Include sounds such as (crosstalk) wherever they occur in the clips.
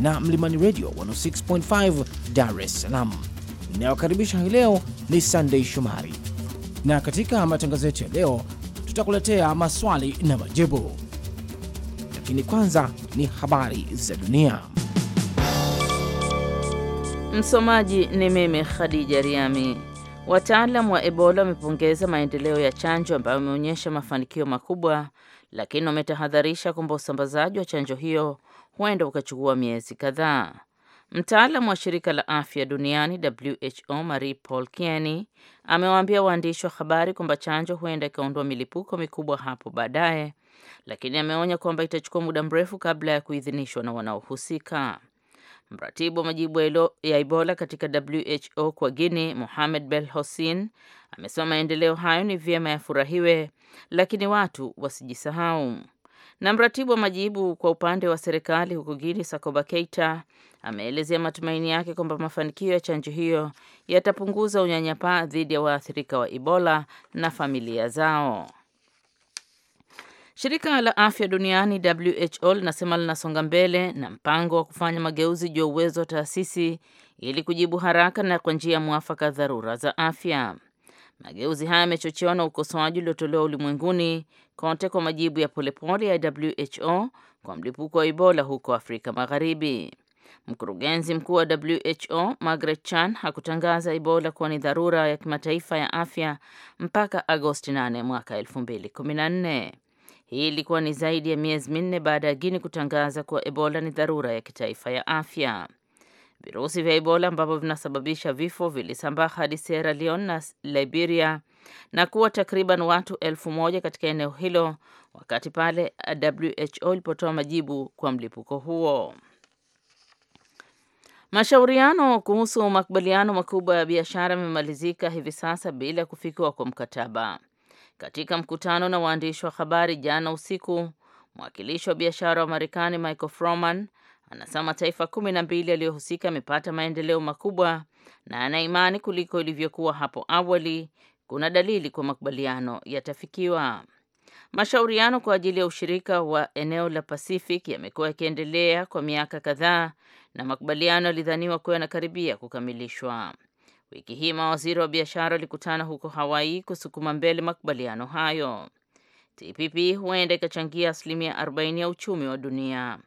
na Mlimani Radio 106.5 Dar es Salaam. Inayokaribisha hii leo ni Sunday Shomari, na katika matangazo yetu ya leo tutakuletea maswali na majibu, lakini kwanza ni habari za dunia. Msomaji ni mimi Khadija Riami. Wataalam wa Ebola wamepongeza maendeleo ya chanjo ambayo wameonyesha mafanikio makubwa, lakini wametahadharisha kwamba usambazaji wa chanjo hiyo huenda ukachukua miezi kadhaa. Mtaalamu wa shirika la afya duniani WHO Marie Paul Kieni amewaambia waandishi wa habari kwamba chanjo huenda ikaondoa milipuko mikubwa hapo baadaye, lakini ameonya kwamba itachukua muda mrefu kabla ya kuidhinishwa na wanaohusika. Mratibu wa majibu ya Ebola katika WHO kwa Guinea, Mohamed Bel Hossein, amesema maendeleo hayo ni vyema yafurahiwe, lakini watu wasijisahau. Na mratibu wa majibu kwa upande wa serikali huko Guinea, Sakoba Keita ameelezea matumaini yake kwamba mafanikio ya chanjo hiyo yatapunguza unyanyapaa dhidi ya waathirika wa Ebola na familia zao. Shirika la Afya Duniani WHO linasema linasonga mbele na mpango wa kufanya mageuzi juu ya uwezo wa taasisi ili kujibu haraka na kwa njia ya mwafaka dharura za afya. Mageuzi haya yamechochewa na ukosoaji uliotolewa ulimwenguni kote kwa majibu ya polepole ya WHO kwa mlipuko wa Ebola huko Afrika Magharibi. Mkurugenzi mkuu wa WHO Margaret Chan hakutangaza Ebola kuwa ni dharura ya kimataifa ya afya mpaka Agosti 8 mwaka 2014. Hii ilikuwa ni zaidi ya miezi minne baada ya Guinea kutangaza kuwa Ebola ni dharura ya kitaifa ya afya. Virusi vya Ebola ambavyo vinasababisha vifo vilisambaa hadi Sierra Leone na Liberia na kuwa takriban watu elfu moja katika eneo hilo wakati pale WHO ilipotoa majibu kwa mlipuko huo. Mashauriano kuhusu makubaliano makubwa ya biashara yamemalizika hivi sasa bila kufikiwa kwa mkataba. Katika mkutano na waandishi wa habari jana usiku, mwakilishi wa biashara wa Marekani Michael Froman Anasema mataifa kumi na mbili yaliyohusika yamepata maendeleo makubwa na ana imani kuliko ilivyokuwa hapo awali, kuna dalili kwa makubaliano yatafikiwa. Mashauriano kwa ajili ya ushirika wa eneo la Pacific yamekuwa yakiendelea kwa miaka kadhaa na makubaliano yalidhaniwa kuwa yanakaribia kukamilishwa. Wiki hii mawaziri wa biashara walikutana huko Hawaii kusukuma mbele makubaliano hayo. TPP huenda ikachangia asilimia 40 ya uchumi wa dunia.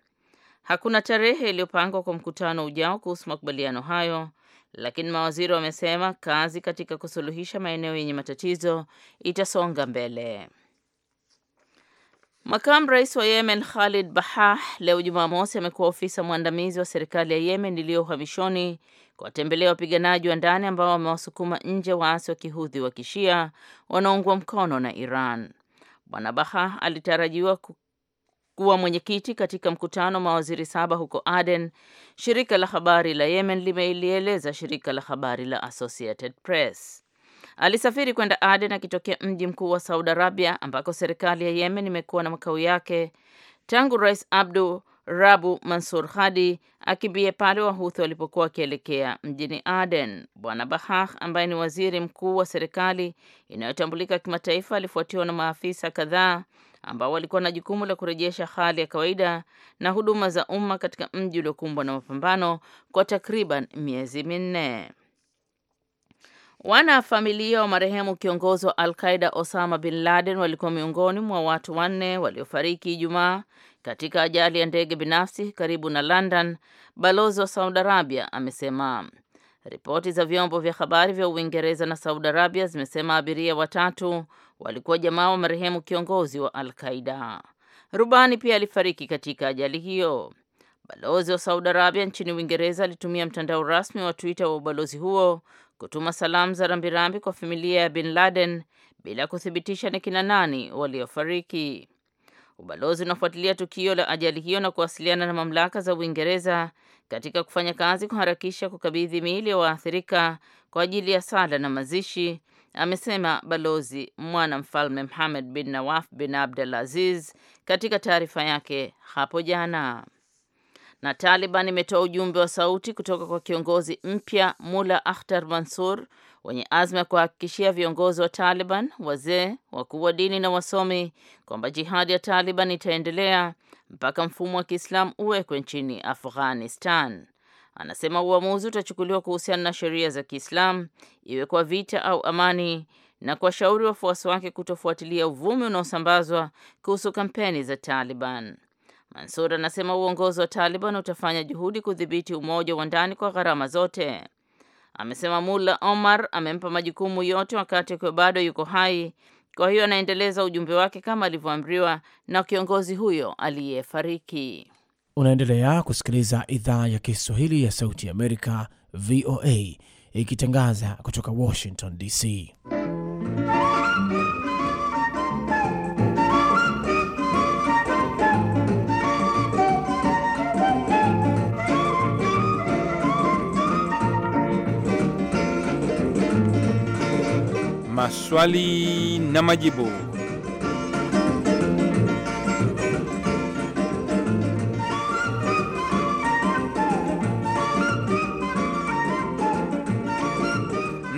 Hakuna tarehe iliyopangwa kwa mkutano ujao kuhusu makubaliano hayo, lakini mawaziri wamesema kazi katika kusuluhisha maeneo yenye matatizo itasonga mbele. Makamu Rais wa Yemen Khalid Bahah leo Jumamosi amekuwa ofisa mwandamizi wa serikali ya Yemen iliyo uhamishoni kuwatembelea wapiganaji wa ndani ambao wamewasukuma nje waasi wa Kihudhi wa Kishia wanaungwa mkono na Iran. Bwana Bahah alitarajiwa kuwa mwenyekiti katika mkutano wa mawaziri saba huko Aden, shirika la habari la Yemen limelieleza shirika la habari la Associated Press. Alisafiri kwenda Aden akitokea mji mkuu wa Saudi Arabia ambako serikali ya Yemen imekuwa na makao yake tangu Rais Abdu Rabu Mansur Hadi akimbie pale Wahuthi walipokuwa wakielekea mjini Aden. Bwana Bahah ambaye ni waziri mkuu wa serikali inayotambulika kimataifa alifuatiwa na maafisa kadhaa ambao walikuwa na jukumu la kurejesha hali ya kawaida na huduma za umma katika mji uliokumbwa na mapambano kwa takriban miezi minne. Wanafamilia wa marehemu kiongozi wa Al-Qaida Osama bin Laden walikuwa miongoni mwa watu wanne waliofariki Ijumaa katika ajali ya ndege binafsi karibu na London, balozi wa Saudi Arabia amesema. Ripoti za vyombo vya habari vya Uingereza na Saudi Arabia zimesema abiria watatu walikuwa jamaa wa marehemu kiongozi wa Al-Qaida. Rubani pia alifariki katika ajali hiyo. Balozi wa Saudi Arabia nchini Uingereza alitumia mtandao rasmi wa Twitter wa ubalozi huo kutuma salamu za rambirambi kwa familia ya Bin Laden bila kuthibitisha ni kina nani waliofariki. Ubalozi unafuatilia tukio la ajali hiyo na kuwasiliana na mamlaka za Uingereza katika kufanya kazi kuharakisha kukabidhi miili ya waathirika kwa ajili ya sala na mazishi amesema Balozi Mwana Mfalme mhamed bin Nawaf bin Abdul Aziz katika taarifa yake hapo jana. Na Taliban imetoa ujumbe wa sauti kutoka kwa kiongozi mpya Mula Akhtar Mansur wenye azma ya kuhakikishia viongozi wa Taliban, wazee, wakuu wa dini na wasomi kwamba jihadi ya Taliban itaendelea mpaka mfumo wa Kiislamu uwekwe nchini Afghanistan. Anasema uamuzi utachukuliwa kuhusiana na sheria za Kiislamu, iwe kwa vita au amani, na kuwashauri wafuasi wake kutofuatilia uvumi unaosambazwa kuhusu kampeni za Taliban. Mansur anasema uongozi wa Taliban utafanya juhudi kudhibiti umoja wa ndani kwa gharama zote. Amesema mulla Omar amempa majukumu yote wakati akiwa bado yuko hai, kwa hiyo anaendeleza ujumbe wake kama alivyoamriwa na kiongozi huyo aliyefariki. Unaendelea kusikiliza idhaa ya Kiswahili ya Sauti ya Amerika, VOA, ikitangaza kutoka Washington DC. Maswali na majibu.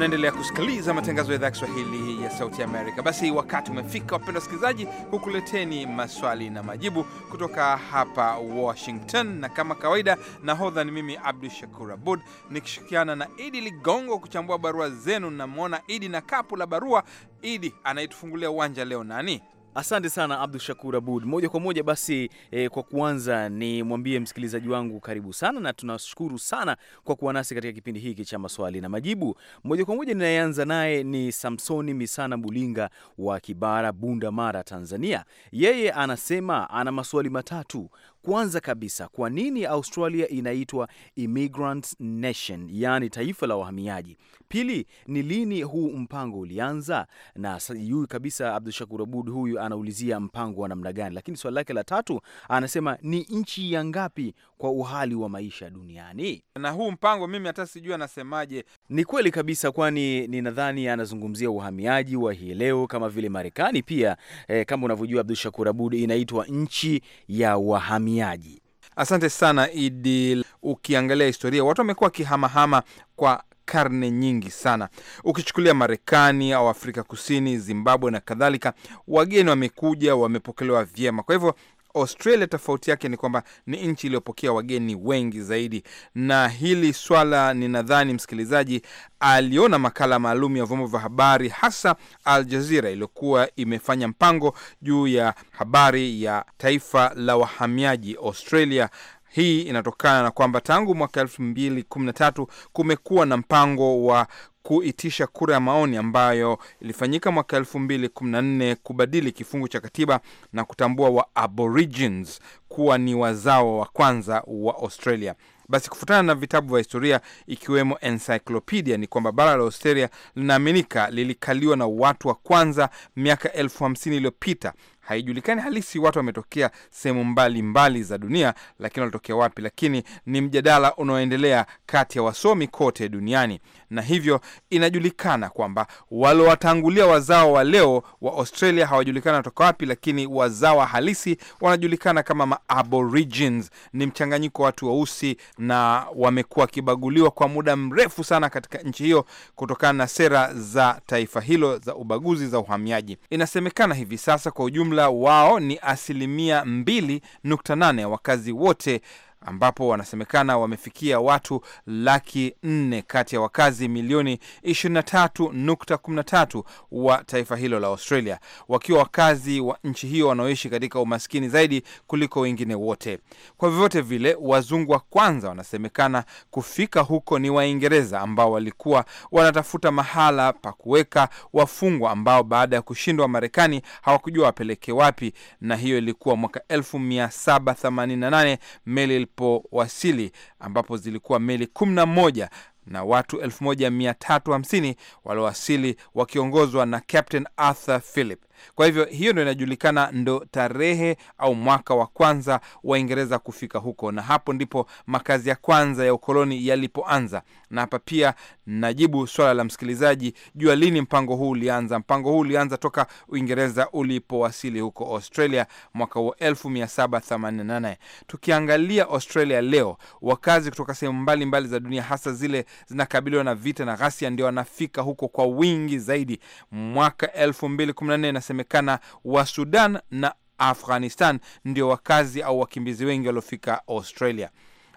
Mnaendelea kusikiliza matangazo ya idhaa ya Kiswahili ya Sauti Amerika. Basi wakati umefika, wapenda wasikilizaji, kukuleteni maswali na majibu kutoka hapa Washington, na kama kawaida, nahodha ni mimi Abdu Shakur Abud nikishirikiana na Idi Ligongo kuchambua barua zenu. Namwona Idi na kapu la barua. Idi, anayetufungulia uwanja leo nani? Asante sana Abdu Shakur Abud. Moja kwa moja basi eh, kwa kuanza ni mwambie msikilizaji wangu karibu sana, na tunashukuru sana kwa kuwa nasi katika kipindi hiki cha maswali na majibu. Moja kwa moja ninayeanza naye ni Samsoni Misana Bulinga wa Kibara, Bunda Mara, Tanzania. Yeye anasema ana maswali matatu. Kwanza kabisa, kwa nini Australia inaitwa immigrant nation, yaani taifa la wahamiaji? Pili, ni lini huu mpango ulianza? Na yuyu kabisa Abdu Shakur Abud huyu anaulizia mpango wa namna gani, lakini swali lake la tatu anasema ni nchi ya ngapi kwa uhali wa maisha duniani? Na huu mpango mimi hata sijui anasemaje. Ni kweli kabisa, kwani ninadhani anazungumzia uhamiaji wa hii leo kama vile Marekani pia eh, kama unavyojua Abdu Shakur Abud inaitwa nchi ya wahamiaji uhamiaji. Asante sana Idi. Ukiangalia historia, watu wamekuwa wakihamahama kwa karne nyingi sana. Ukichukulia Marekani au Afrika Kusini, Zimbabwe na kadhalika, wageni wamekuja, wamepokelewa vyema. Kwa hivyo Australia tofauti yake ni kwamba ni nchi iliyopokea wageni wengi zaidi, na hili swala ninadhani msikilizaji aliona makala maalum ya vyombo vya habari, hasa Al Jazeera iliyokuwa imefanya mpango juu ya habari ya taifa la wahamiaji Australia hii inatokana na kwamba tangu mwaka elfu mbili kumi tatu kumekuwa na mpango wa kuitisha kura ya maoni ambayo ilifanyika mwaka elfu mbili kumi nne kubadili kifungu cha katiba na kutambua wa Aborigines kuwa ni wazao wa kwanza wa Australia. Basi kufutana na vitabu vya historia ikiwemo encyclopedia ni kwamba bara la Australia linaaminika lilikaliwa na watu wa kwanza miaka elfu hamsini iliyopita Haijulikani halisi watu wametokea sehemu mbalimbali za dunia, lakini walitokea wapi, lakini ni mjadala unaoendelea kati ya wasomi kote duniani na hivyo inajulikana kwamba walowatangulia wazao wa leo wa Australia hawajulikana kutoka wapi, lakini wazawa halisi wanajulikana kama Maaborigines. Ni mchanganyiko wa watu weusi na wamekuwa wakibaguliwa kwa muda mrefu sana katika nchi hiyo kutokana na sera za taifa hilo za ubaguzi za uhamiaji. Inasemekana hivi sasa kwa ujumla wao ni asilimia 2.8 ya wakazi wote ambapo wanasemekana wamefikia watu laki nne kati ya wakazi milioni 23.13 wa taifa hilo la Australia, wakiwa wakazi wa nchi hiyo wanaoishi katika umaskini zaidi kuliko wengine wote. Kwa vyovyote vile, wazungu wa kwanza wanasemekana kufika huko ni Waingereza ambao walikuwa wanatafuta mahala pa kuweka wafungwa ambao baada ya kushindwa Marekani hawakujua wapeleke wapi, na hiyo ilikuwa mwaka 1788 meli zilipowasili ambapo zilikuwa meli 11 na watu 1350 waliowasili wakiongozwa na Captain Arthur Philip. Kwa hivyo hiyo ndo inajulikana, ndo tarehe au mwaka wa kwanza Waingereza kufika huko, na hapo ndipo makazi ya kwanza ya ukoloni yalipoanza. Na hapa pia najibu swala la msikilizaji jua lini mpango huu ulianza. Mpango huu ulianza toka Uingereza ulipowasili huko Australia mwaka wa 1788. Tukiangalia Australia leo, wakazi kutoka sehemu mbalimbali za dunia, hasa zile zinakabiliwa na vita na ghasia, ndio wanafika huko kwa wingi zaidi. Mwaka 2014 inasemekana wa Sudan na Afghanistan ndio wakazi au wakimbizi wengi waliofika Australia.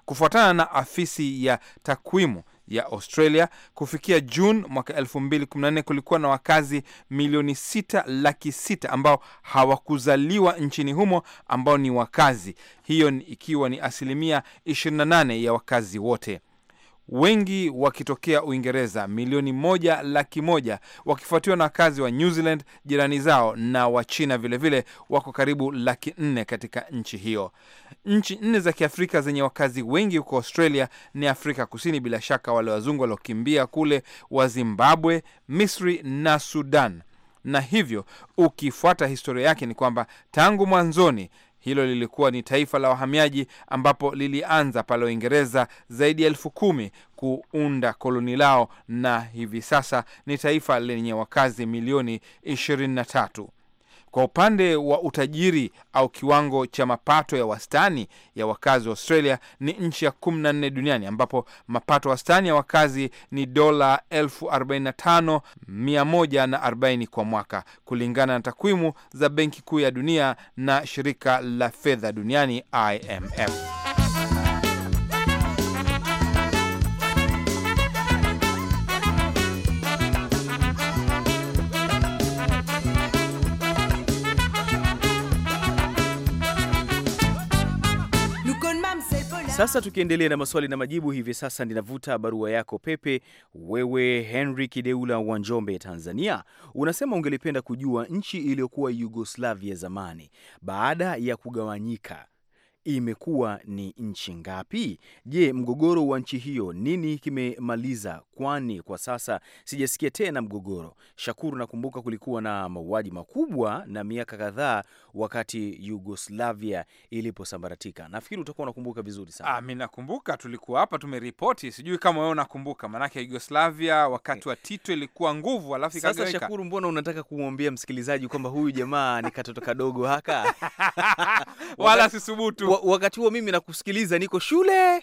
Kufuatana na afisi ya takwimu ya Australia, kufikia Juni mwaka 2014 kulikuwa na wakazi milioni sita laki sita ambao hawakuzaliwa nchini humo ambao ni wakazi, hiyo ikiwa ni asilimia 28 ya wakazi wote wengi wakitokea Uingereza, milioni moja laki moja wakifuatiwa na wakazi wa New Zealand jirani zao, na Wachina vilevile wako karibu laki nne katika nchi hiyo. Nchi nne za Kiafrika zenye wakazi wengi huko Australia ni Afrika Kusini, bila shaka wale wazungu waliokimbia kule wa Zimbabwe, Misri na Sudan na hivyo ukifuata historia yake ni kwamba tangu mwanzoni hilo lilikuwa ni taifa la wahamiaji ambapo lilianza pale Uingereza zaidi ya elfu kumi kuunda koloni lao, na hivi sasa ni taifa lenye wakazi milioni tatu. Kwa upande wa utajiri au kiwango cha mapato ya wastani ya wakazi wa Australia ni nchi ya 14 duniani ambapo mapato wastani ya wakazi ni dola 45140 kwa mwaka kulingana na takwimu za Benki Kuu ya Dunia na shirika la fedha duniani IMF. Sasa tukiendelea na maswali na majibu, hivi sasa ninavuta barua yako pepe. Wewe Henry Kideula wa Njombe, Tanzania, unasema ungelipenda kujua nchi iliyokuwa Yugoslavia zamani baada ya kugawanyika imekuwa ni nchi ngapi? Je, mgogoro wa nchi hiyo nini kimemaliza? Kwani kwa sasa sijasikia tena mgogoro. Shakuru, nakumbuka kulikuwa na mauaji makubwa na miaka kadhaa wakati Yugoslavia iliposambaratika. Nafikiri utakuwa unakumbuka vizuri sana. Ah, nakumbuka, tulikuwa hapa tumeripoti. Sijui kama wewe unakumbuka, maanake Yugoslavia wakati wa Tito ilikuwa nguvu, alafu sasa. Shakuru, mbona unataka kumwambia msikilizaji kwamba huyu jamaa ni katoto kadogo haka? (laughs) wala sisubutu wakati huo mimi nakusikiliza, niko shule (laughs) eh,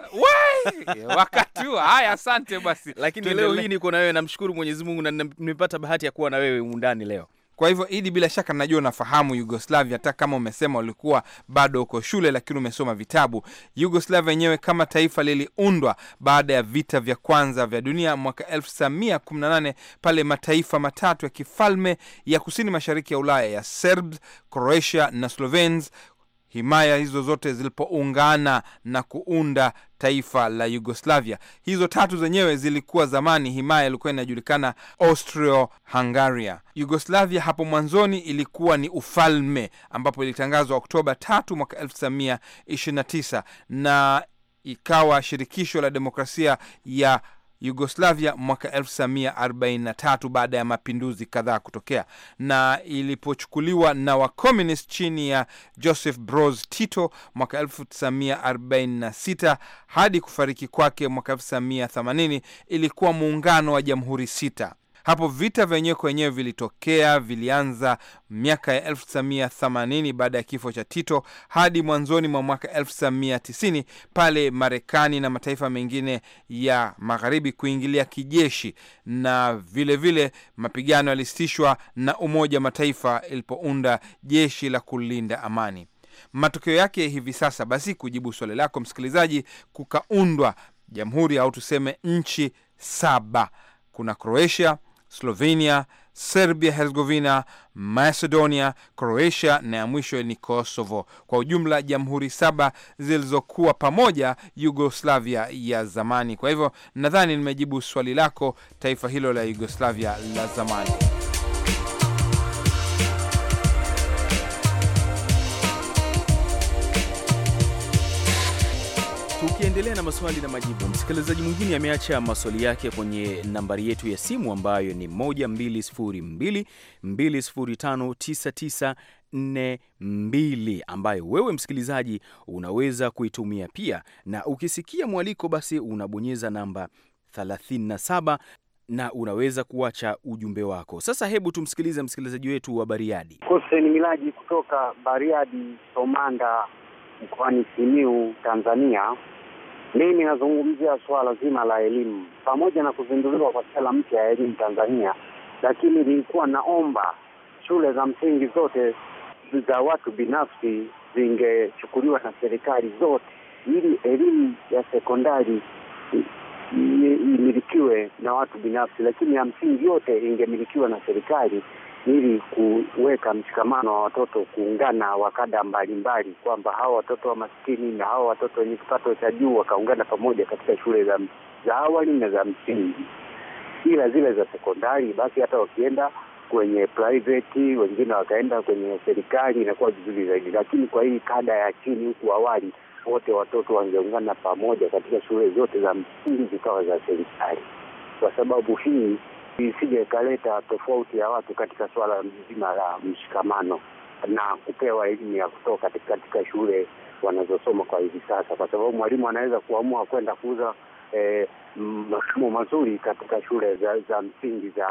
wakati huo. Haya, asante basi. Lakini leo hii niko na wewe, namshukuru Mwenyezi Mungu na nimepata bahati ya kuwa na wewe undani leo. Kwa hivyo Idi, bila shaka najua unafahamu Yugoslavia, hata kama umesema ulikuwa bado uko shule, lakini umesoma vitabu. Yugoslavia yenyewe kama taifa liliundwa baada ya vita vya kwanza vya dunia mwaka 1918 pale mataifa matatu ya kifalme ya kusini mashariki ya Ulaya ya Serbs, Croatia na slovens himaya hizo zote zilipoungana na kuunda taifa la Yugoslavia. Hizo tatu zenyewe zilikuwa zamani, himaya ilikuwa inajulikana Austria Hungaria. Yugoslavia hapo mwanzoni ilikuwa ni ufalme ambapo ilitangazwa Oktoba 3 mwaka 1929 na ikawa shirikisho la demokrasia ya Yugoslavia mwaka 1943 baada ya mapinduzi kadhaa kutokea, na ilipochukuliwa na wakomunist chini ya Joseph Broz Tito mwaka 1946 hadi kufariki kwake mwaka 1980, ilikuwa muungano wa jamhuri sita. Hapo vita vyenyewe kwenyewe vilitokea, vilianza miaka ya 1980 baada ya kifo cha Tito hadi mwanzoni mwa mwaka 1990 pale Marekani na mataifa mengine ya magharibi kuingilia kijeshi, na vilevile vile mapigano yalisitishwa na Umoja wa Mataifa ilipounda jeshi la kulinda amani. Matokeo yake hivi sasa, basi kujibu swali lako msikilizaji, kukaundwa jamhuri au tuseme nchi saba: kuna Croatia Slovenia, Serbia Herzegovina, Macedonia, Croatia na ya mwisho ni Kosovo. Kwa ujumla jamhuri saba zilizokuwa pamoja Yugoslavia ya zamani. Kwa hivyo nadhani nimejibu swali lako, taifa hilo la Yugoslavia la zamani. maswali na majibu. Msikilizaji mwingine ameacha maswali yake kwenye nambari yetu ya simu ambayo ni 12022059942 ambayo wewe msikilizaji unaweza kuitumia pia, na ukisikia mwaliko basi unabonyeza namba 37 na unaweza kuacha ujumbe wako. Sasa hebu tumsikilize msikilizaji wetu wa Bariadi, Hussein Milaji kutoka Bariadi Somanda mkoani Simiu, Tanzania. Mimi ninazungumzia suala zima la elimu, pamoja na kuzinduliwa kwa sera mpya ya elimu Tanzania, lakini nilikuwa naomba shule za msingi zote za watu binafsi zingechukuliwa na serikali zote, ili elimu ya sekondari imilikiwe na watu binafsi, lakini ya msingi yote ingemilikiwa na serikali ili kuweka mshikamano wa watoto kuungana wa kada mbalimbali, kwamba hawa watoto wa masikini na hawa watoto wenye kipato cha juu wakaungana pamoja katika shule za, za awali na za msingi, ila zile za sekondari basi hata wakienda kwenye private wengine wakaenda kwenye serikali inakuwa vizuri zaidi, lakini kwa hii kada ya chini huku awali wote watoto wangeungana pamoja katika shule zote za msingi zikawa za serikali, kwa sababu hii isije ikaleta tofauti ya watu katika suala mzima la mshikamano na kupewa elimu ya kutoka katika shule wanazosoma kwa hivi sasa, kwa sababu mwalimu anaweza kuamua kwenda kuuza eh, masomo mazuri katika shule za, za msingi za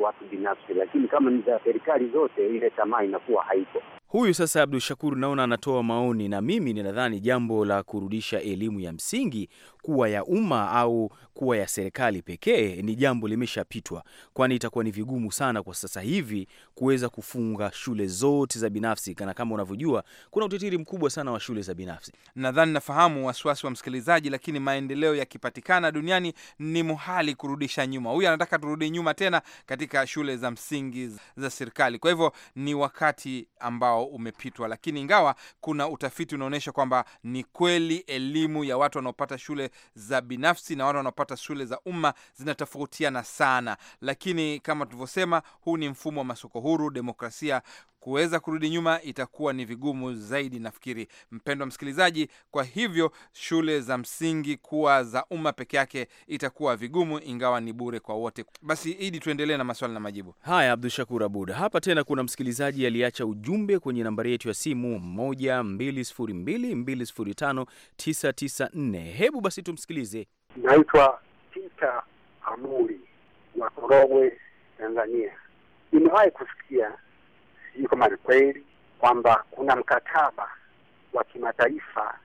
watu binafsi, lakini kama ni za serikali zote, ile tamaa inakuwa haipo. Huyu sasa Abdu Shakur naona anatoa maoni, na mimi ninadhani jambo la kurudisha elimu ya msingi kuwa ya umma au kuwa ya serikali pekee ni jambo limeshapitwa, kwani itakuwa ni vigumu sana kwa sasa hivi kuweza kufunga shule zote za binafsi, kana kama unavyojua kuna utitiri mkubwa sana wa shule za binafsi. Nadhani nafahamu wasiwasi wa msikilizaji, lakini maendeleo yakipatikana duniani ni muhali kurudisha nyuma. Huyu anataka turudi nyuma tena katika shule za msingi za serikali. Kwa hivyo ni wakati ambao ambao umepitwa, lakini ingawa kuna utafiti unaonyesha kwamba ni kweli elimu ya watu wanaopata shule za binafsi na watu wanaopata shule za umma zinatofautiana sana, lakini kama tulivyosema, huu ni mfumo wa masoko huru, demokrasia kuweza kurudi nyuma itakuwa ni vigumu zaidi, nafikiri mpendwa msikilizaji. Kwa hivyo shule za msingi kuwa za umma peke yake itakuwa vigumu, ingawa ni bure kwa wote. Basi Idi, tuendelee na maswali na majibu haya. Abdu Shakur Abud hapa tena. Kuna msikilizaji aliacha ujumbe kwenye nambari yetu ya simu 12022059994. Hebu basi tumsikilize. Naitwa Tita Amuri wa Korogwe, Tanzania. Nimewahi kusikia sijui kama ni kweli kwamba kuna mkataba wa kimataifa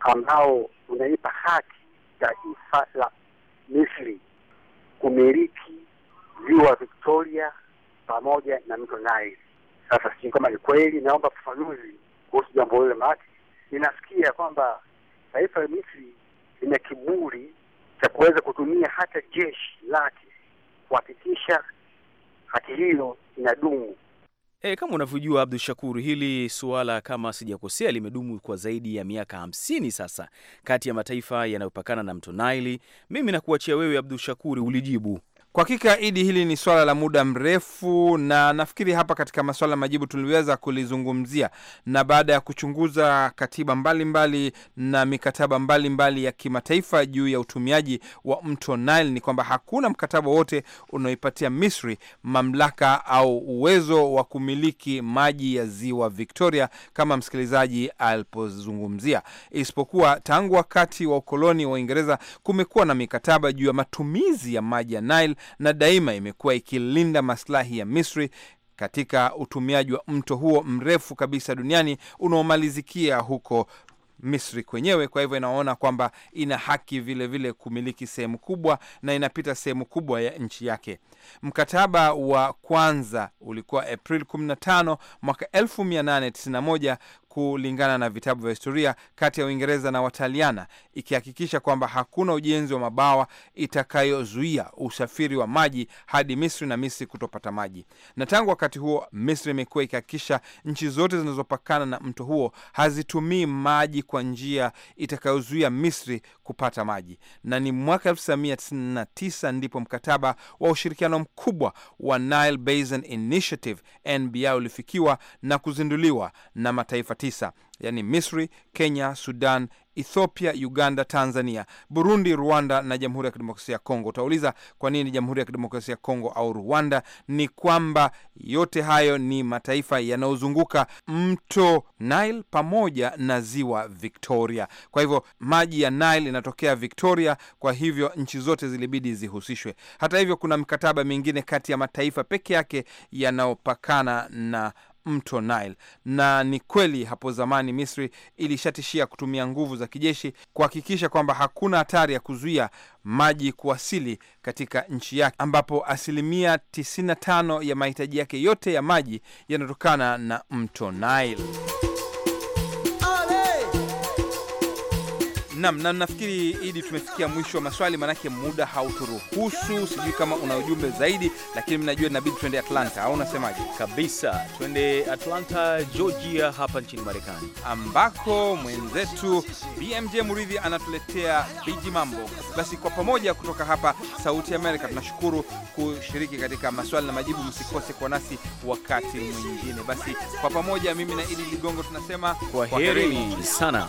ambao unaipa haki taifa la Misri kumiliki ziwa Victoria pamoja na mto Nile. Sasa sijui kama ni kweli, naomba ufafanuzi kuhusu jambo lile, maana ninasikia kwamba taifa la Misri lina kiburi cha kuweza kutumia hata jeshi lake kuhakikisha haki hiyo inadumu. E, kama unavyojua Abdu Shakur, hili suala kama sijakosea limedumu kwa zaidi ya miaka hamsini sasa kati ya mataifa yanayopakana na mto Naili. Mimi nakuachia wewe Abdu Shakur ulijibu kwa hakika Idi, hili ni swala la muda mrefu, na nafikiri hapa katika maswala majibu tuliweza kulizungumzia, na baada ya kuchunguza katiba mbalimbali mbali na mikataba mbalimbali mbali ya kimataifa juu ya utumiaji wa mto Nile, ni kwamba hakuna mkataba wote unaoipatia Misri mamlaka au uwezo wa kumiliki maji ya ziwa Victoria kama msikilizaji alipozungumzia, isipokuwa tangu wakati wa ukoloni wa Uingereza kumekuwa na mikataba juu ya matumizi ya maji ya Nile na daima imekuwa ikilinda maslahi ya Misri katika utumiaji wa mto huo mrefu kabisa duniani unaomalizikia huko Misri kwenyewe. Kwa hivyo inaona kwamba ina haki vilevile vile kumiliki sehemu kubwa na inapita sehemu kubwa ya nchi yake. Mkataba wa kwanza ulikuwa Aprili 15 mwaka 1891 kulingana na vitabu vya historia kati ya Uingereza na Wataliana, ikihakikisha kwamba hakuna ujenzi wa mabawa itakayozuia usafiri wa maji hadi Misri na Misri kutopata maji. Na tangu wakati huo Misri imekuwa ikihakikisha nchi zote zinazopakana na mto huo hazitumii maji kwa njia itakayozuia Misri kupata maji, na ni mwaka 1999 ndipo mkataba wa ushirikiano mkubwa wa Nile Basin Initiative NBI ulifikiwa na kuzinduliwa na mataifa 29 yaani Misri, Kenya, Sudan, Ethiopia, Uganda, Tanzania, Burundi, Rwanda na Jamhuri ya Kidemokrasia ya Kongo. Utauliza kwa nini Jamhuri ya Kidemokrasia ya Kongo au Rwanda? Ni kwamba yote hayo ni mataifa yanayozunguka mto Nile pamoja na ziwa Victoria. Kwa hivyo maji ya Nile inatokea Victoria, kwa hivyo nchi zote zilibidi zihusishwe. Hata hivyo, kuna mikataba mingine kati ya mataifa peke yake yanayopakana na mto Nile. Na ni kweli hapo zamani Misri ilishatishia kutumia nguvu za kijeshi kuhakikisha kwamba hakuna hatari ya kuzuia maji kuwasili katika nchi yake, ambapo asilimia 95 ya mahitaji yake yote ya maji yanatokana na mto Nile. Nam na nafikiri Idi, tumefikia mwisho wa maswali, manake muda hauturuhusu. Sijui kama una ujumbe zaidi, lakini mnajua inabidi twende Atlanta, au unasemaje? Kabisa, twende Atlanta, Georgia, hapa nchini Marekani, ambako mwenzetu BMJ Muridhi anatuletea biji mambo. Basi kwa pamoja, kutoka hapa Sauti Amerika, tunashukuru kushiriki katika maswali na majibu. Msikose kwa nasi wakati mwingine. Basi kwa pamoja, mimi na Idi Ligongo tunasema kwa heri sana.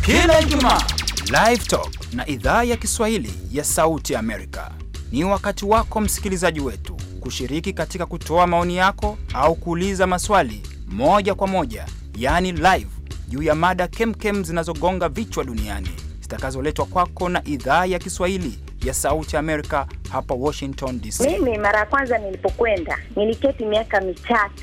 kila na idhaa ya Kiswahili ya Sauti Amerika. Ni wakati wako msikilizaji wetu kushiriki katika kutoa maoni yako au kuuliza maswali moja kwa moja, yani live, juu ya mada kemkem zinazogonga vichwa duniani zitakazoletwa kwako na idhaa ya Kiswahili ya Sauti Amerika hapa Washington DC. Mimi mara ya kwanza nilipokwenda niliketi miaka mitatu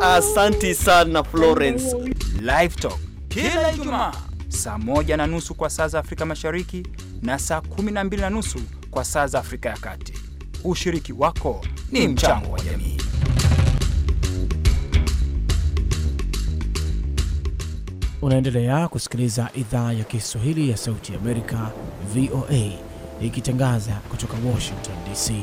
Asanti sana Florence. Live Talk kila Ijumaa saa moja na nusu kwa saa za Afrika Mashariki na saa kumi na mbili na nusu kwa saa za Afrika ya Kati. Ushiriki wako ni mchango wa jamii. Unaendelea kusikiliza idhaa ya Kiswahili ya Sauti ya Amerika, VOA, ikitangaza kutoka Washington DC.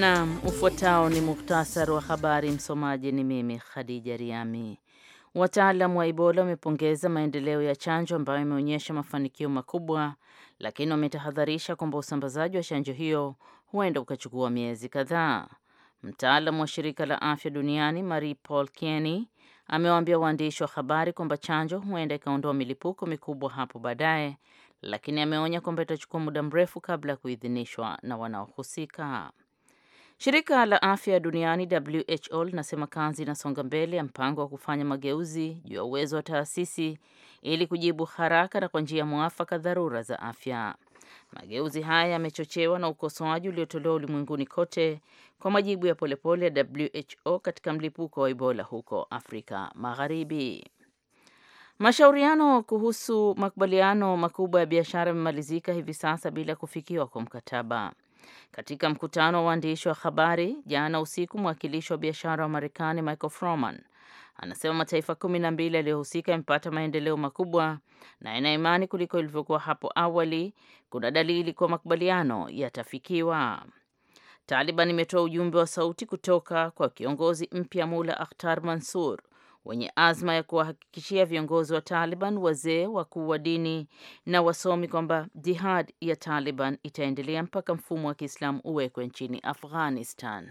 Naam, ufuatao ni muktasari wa habari. Msomaji ni mimi Khadija Riami. Wataalam wa Ebola wamepongeza maendeleo ya chanjo ambayo imeonyesha mafanikio makubwa, lakini wametahadharisha kwamba usambazaji wa chanjo hiyo huenda ukachukua miezi kadhaa. Mtaalam wa shirika la afya duniani Marie Paul keny amewaambia waandishi wa habari kwamba chanjo huenda ikaondoa milipuko mikubwa hapo baadaye, lakini ameonya kwamba itachukua muda mrefu kabla ya kuidhinishwa na wanaohusika. Shirika la afya duniani WHO linasema kazi inasonga mbele ya mpango wa kufanya mageuzi juu ya uwezo wa taasisi ili kujibu haraka na kwa njia mwafaka dharura za afya. Mageuzi haya yamechochewa na ukosoaji uliotolewa ulimwenguni kote kwa majibu ya polepole ya WHO katika mlipuko wa Ebola huko Afrika Magharibi. Mashauriano kuhusu makubaliano makubwa ya biashara yamemalizika hivi sasa bila kufikiwa kwa mkataba. Katika mkutano wa waandishi wa habari jana usiku, mwakilishi wa biashara wa Marekani Michael Froman anasema mataifa kumi na mbili yaliyohusika yamepata maendeleo makubwa na yana imani kuliko ilivyokuwa hapo awali. Kuna dalili kuwa makubaliano yatafikiwa. Taliban imetoa ujumbe wa sauti kutoka kwa kiongozi mpya Mula Akhtar Mansur wenye azma ya kuwahakikishia viongozi wa Taliban, wazee, wakuu wa dini na wasomi kwamba jihad ya Taliban itaendelea mpaka mfumo wa Kiislamu uwekwe nchini Afghanistan.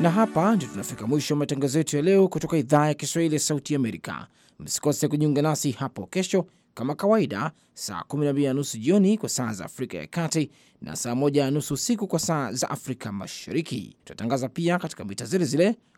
Na hapa ndio tunafika mwisho wa matangazo yetu ya leo kutoka idhaa ya Kiswahili ya Sauti Amerika. Msikose kujiunga nasi hapo kesho kama kawaida saa 12 na nusu jioni kwa saa za Afrika ya Kati na saa 1 na nusu usiku kwa saa za Afrika Mashariki. tunatangaza pia katika mita zile zile